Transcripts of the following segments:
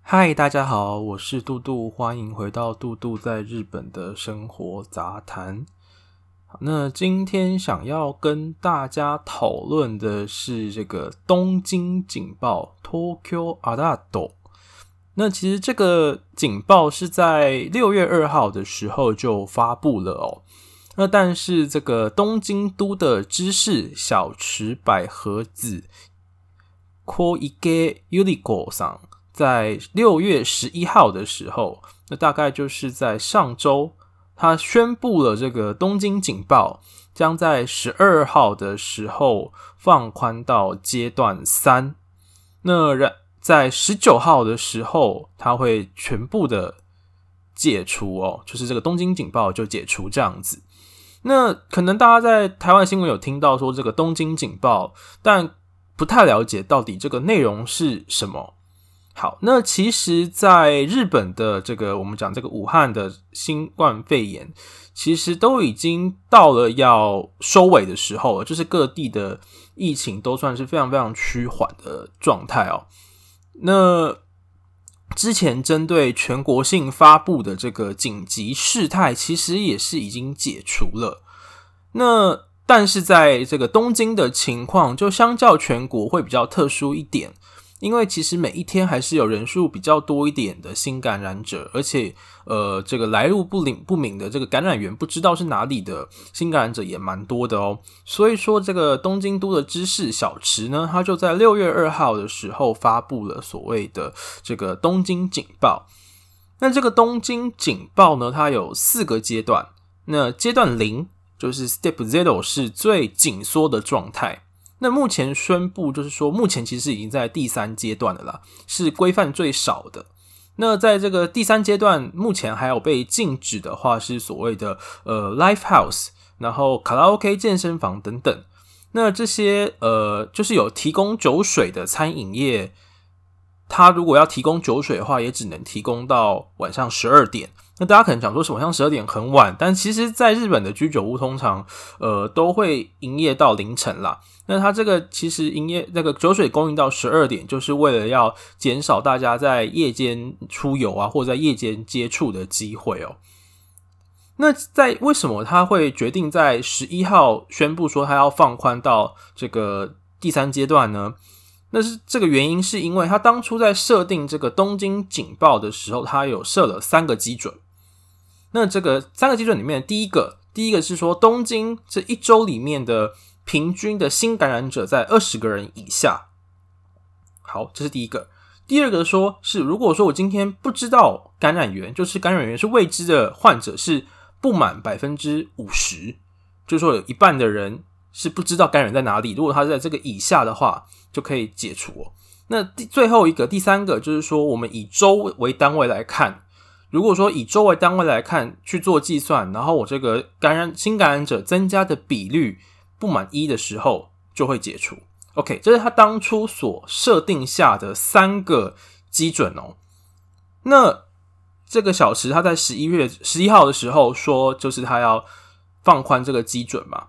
嗨，大家好，我是杜杜。歡迎回到杜杜在日本的生活雜談。那今天想要跟大家討論的是這個東京警報（東京アラート）。那其實這個警報是在六月二號的時候就發布了哦。那但是這個東京都的知事小池百合子，コイケユリコさん，在六月十一號的時候，那大概就是在上周，他宣布了這個東京警報將在十二號的時候放寬到階段三。那然在十九號的時候，他會全部的解除哦，就是這個東京警報就解除這樣子。那可能大家在台灣新聞有聽到說這個東京警報，但不太了解到底這個內容是什麼。好，那其實，在日本的這個我們講這個武漢的新冠肺炎，其實都已經到了要收尾的時候了，就是各地的疫情都算是非常非常趨緩的狀態哦。那之前針對全國性發布的這個緊急事態，其實也是已經解除了。那但是在這個東京的情況，就相較全國會比較特殊一點。因為其實每一天還是有人數比較多一點的新感染者，而且呃，這個來路不領不明的這個感染源不知道是哪裡的新感染者也蠻多的哦。所以說，這個東京都的知事小池呢，它就在六月二號的時候發布了所謂的這個東京警報。那這個東京警報呢，它有四個階段。那階段零就是 Step Zero 是最緊縮的狀態。那目前宣布就是說，目前其實已經在第三階段的啦，是規範最少的。那在這個第三階段，目前還有被禁止的話，是所謂的呃 live house，然後卡拉 OK、健身房等等。那這些呃，就是有提供酒水的餐飲業。他如果要提供酒水的話，也只能提供到晚上十二點。那大家可能講說是晚上十二點很晚，但其實在日本的居酒屋通常呃都會營業到凌晨啦。那他這個其實營業那個酒水供應到十二點，就是為了要減少大家在夜間出遊啊，或者在夜間接觸的機會哦。那在為什麼他會決定在十一號宣布說他要放寬到這個第三階段呢？那是這個原因，是因為他當初在設定這個東京警報的時候，他有設了三個基準。那這個三個基準裡面，第一個，第一個是說東京這一周裡面的平均的新感染者在二十個人以下。好，這是第一個。第二個說是，如果說我今天不知道感染源，就是感染源是未知的患者是不滿百分之五十，就是說有一半的人。是不知道感染在哪裡。如果他是在這個以下的話，就可以解除。那第最後一個，第三個就是說，我們以周為單位來看。如果說以周為單位來看去做計算，然後我這個感染、新感染者增加的比率不滿一的時候，就會解除。OK，這是他當初所設定下的三個基準哦。那這個小池他在十一月十一號的時候說，就是他要放寬這個基準嘛。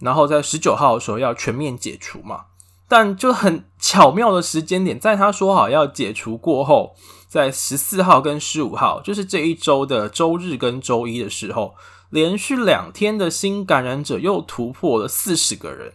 然後在十九號的時候要全面解除嘛，但就很巧妙的時間點，在他說好要解除過後，在十四號跟十五號，就是這一周的周日跟周一的時候，連續兩天的新感染者又突破了四十個人。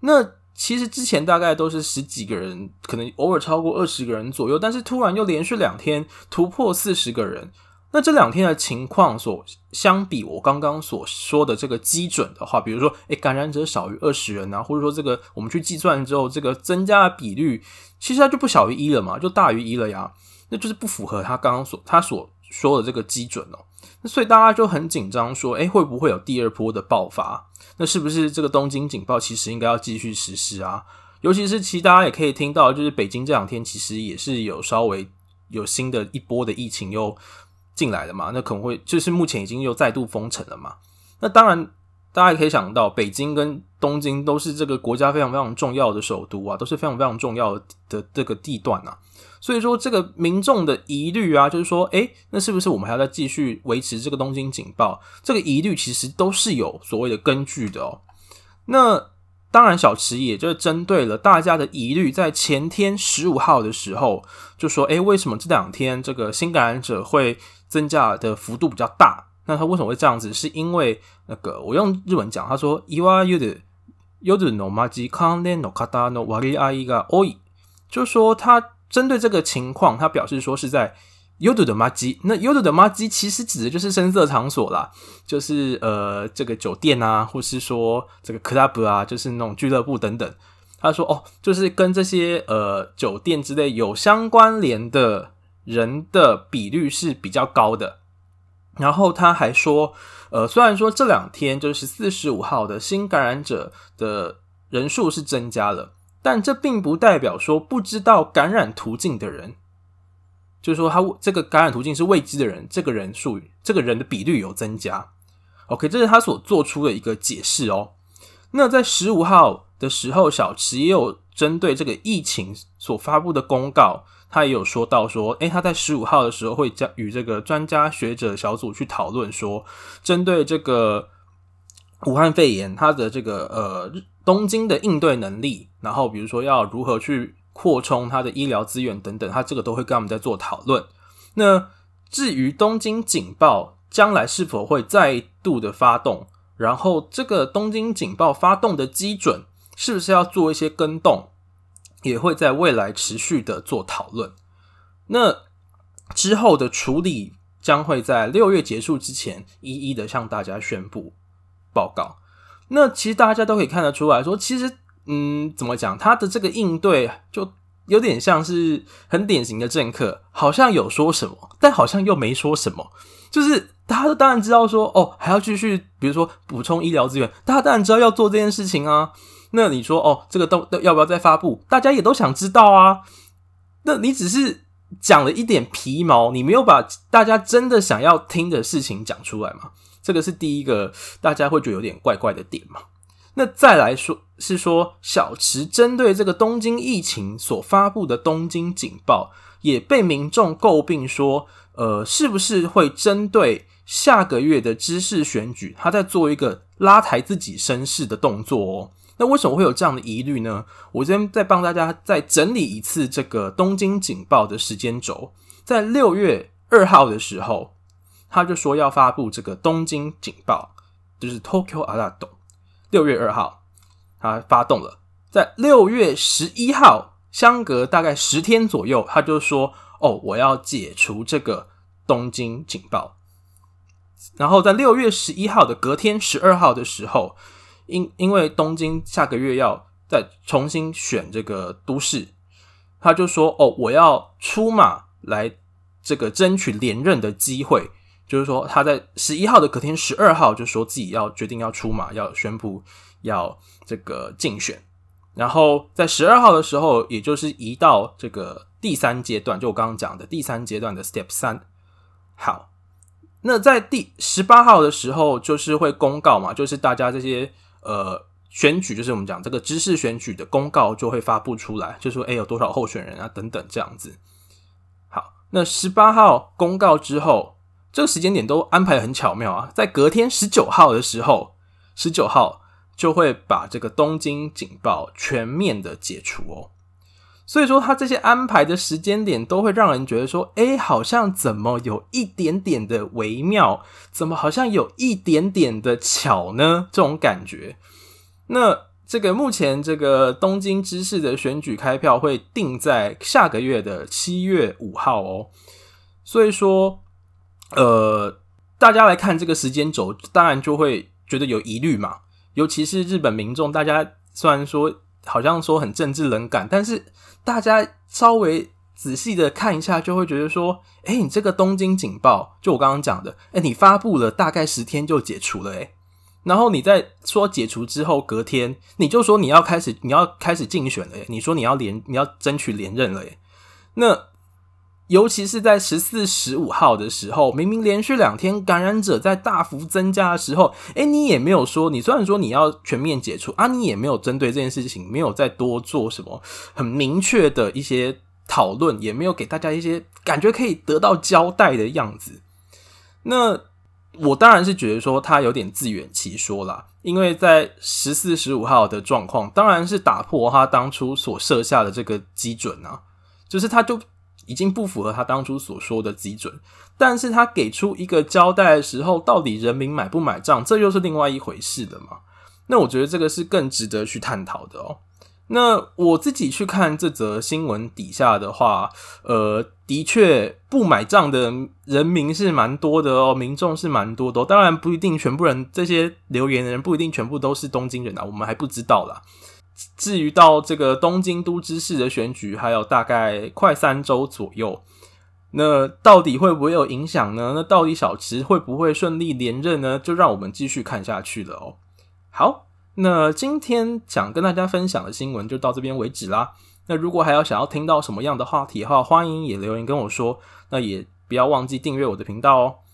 那其實之前大概都是十幾個人，可能偶爾超過二十個人左右，但是突然又連續兩天突破四十個人。那這兩天的情況所相比我剛剛所說的這個基準的話，比如說，誒，感染者少於二十人啊，或者說這個我們去計算之後，這個增加的比率其實它就不小於一了嘛，就大於一了呀，那就是不符合他剛剛所他所說的這個基準哦。那所以大家就很緊張，說，誒，會不會有第二波的爆發？那是不是這個東京警報其實應該要繼續實施啊？尤其是其實大家也可以聽到，就是北京這兩天其實也是有稍微有新的一波的疫情又進來了嘛。那可能會就是目前已經又再度封城了嘛。那當然，大家也可以想到，北京跟東京都是這個國家非常非常重要的首都啊，都是非常非常重要的這個地段啊。所以說，這個民眾的疑慮啊，就是說，誒，那是不是我們還要再繼續維持這個東京警報？這個疑慮其實都是有所謂的根據的哦。那。當然，小池也就是針對了大家的疑慮，在前天十五號的時候就說：“哎、欸，為什麼這兩天這個新感染者會增加的幅度比較大？那他為什麼會這樣子？是因為那個……我用日文講，他說：‘いわゆる夜の街関連の方の割合が多い’，就是說他針對這個情況，他表示說是在。”夜の街那夜の街其實指的就是聲色場所啦，就是呃，這個酒店啊，或是說這個 club 啊，就是那種俱樂部等等。他說哦，就是跟這些呃，酒店之類有相關聯的人的比率是比較高的。然後他還說，呃，雖然說這兩天就是四十五號的新感染者的人數是增加了，但這並不代表說不知道感染途徑的人，就是說，他這個感染途徑是未知的人，這個人數這個人的比率有增加。OK，這是他所做出的一個解釋哦。那在十五號的時候，小池也有針對這個疫情所發布的公告，他也有說到說，哎，他在十五號的時候會將與這個專家學者小組去討論說針對這個武漢肺炎，他的這個呃東京的應對能力，然後比如說要如何去。擴充他的醫療資源等等，他這個都會跟他們在做討論。那至於東京警報將來是否會再度的發動，然後這個東京警報發動的基準是不是要做一些更動，也會在未來持續的做討論。那之後的處理將會在六月結束之前一一的向大家宣布報告。那其實大家都可以看得出來說，其實。嗯，怎麼講？他的這個應對就有點像是很典型的政客，好像有說什麼，但好像又沒說什麼。就是大家當然知道說，哦，還要繼續，比如說補充醫療資源，大家當然知道要做這件事情啊。那你說，哦，這個都，都要不要再發佈？大家也都想知道啊。那你只是講了一點皮毛，你沒有把大家真的想要聽的事情講出來嘛？這個是第一個大家會覺得有點怪怪的點嘛。那再來說。是說，小池針對這個東京疫情所發佈的東京警報，也被民眾詬病說，呃，是不是會針對下個月的知事選舉，他在做一個拉抬自己聲勢的動作哦？那為什麼會有這樣的疑慮呢？我今天再幫大家再整理一次這個東京警報的時間軸，在六月二號的時候，他就說要發佈這個東京警報，就是 Tokyo Alert 六月二號。他發動了，在六月十一號，相隔大概十天左右，他就說：“哦，我要解除這個東京警報。”然後在六月十一號的隔天十二號的時候，因因為東京下個月要再重新選這個都市，他就說：“哦，我要出馬來這個爭取連任的機會。”就是說，他在十一號的隔天，十二號就說自己要決定要出馬，要宣布要這個競選。然後在十二號的時候，也就是移到這個第三階段，就我剛剛講的第三階段的 step 三。好，那在第十八號的時候，就是會公告嘛，就是大家這些呃選舉，就是我們講這個知事選舉的公告就會發佈出來，就是說，誒、欸、有多少候選人啊等等這樣子。好，那十八號公告之後。這個時間點都安排得很巧妙啊！在隔天十九號的時候，十九號就會把這個東京警報全面的解除哦。所以說，他這些安排的時間點都會讓人覺得說：“誒，好像怎麼有一點點的微妙，怎麼好像有一點點的巧呢？”這種感覺。那這個目前這個東京知事的選舉開票會定在下個月的七月五號哦。所以說。呃，大家來看這個時間軸，當然就會覺得有疑慮嘛。尤其是日本民眾，大家雖然說好像說很政治冷感，但是大家稍微仔細的看一下，就會覺得說，哎、欸，你這個東京警報，就我剛剛講的，哎、欸，你發布了大概十天就解除了。欸，誒然後你在說解除之後隔天，你就說你要開始你要開始競選了。欸，耶，你說你要連你要爭取連任了。欸，耶，那。尤其是在十四、十五號的時候，明明連續兩天感染者在大幅增加的時候，誒、欸，你也沒有說，你雖然說你要全面解除啊，你也沒有針對這件事情，沒有再多做什麼很明確的一些討論，也沒有給大家一些感覺可以得到交代的樣子。那我當然是覺得說他有點自圓其說啦，因為在十四、十五號的狀況，當然是打破他當初所設下的這個基準啊，就是他就。已經不符合他當初所說的基準，但是他給出一個交代的時候，到底人民買不買賬，這又是另外一回事的嘛。那我覺得這個是更值得去探討的哦。那我自己去看這則新聞底下的話，呃，的確不買賬的人，人民是蠻多的哦，民眾是蠻多的哦，當然不一定全部人，這些留言的人不一定全部都是東京人啊，我們還不知道啦。至於到這個東京都知事的選舉，還有大概快三周左右，那到底會不會有影響呢？那到底小池會不會順利連任呢？就讓我們繼續看下去了哦。好，那今天想跟大家分享的新聞就到這邊為止啦。那如果還有想要聽到什麼樣的話題的話，歡迎也留言跟我說。那也不要忘記訂閱我的頻道哦。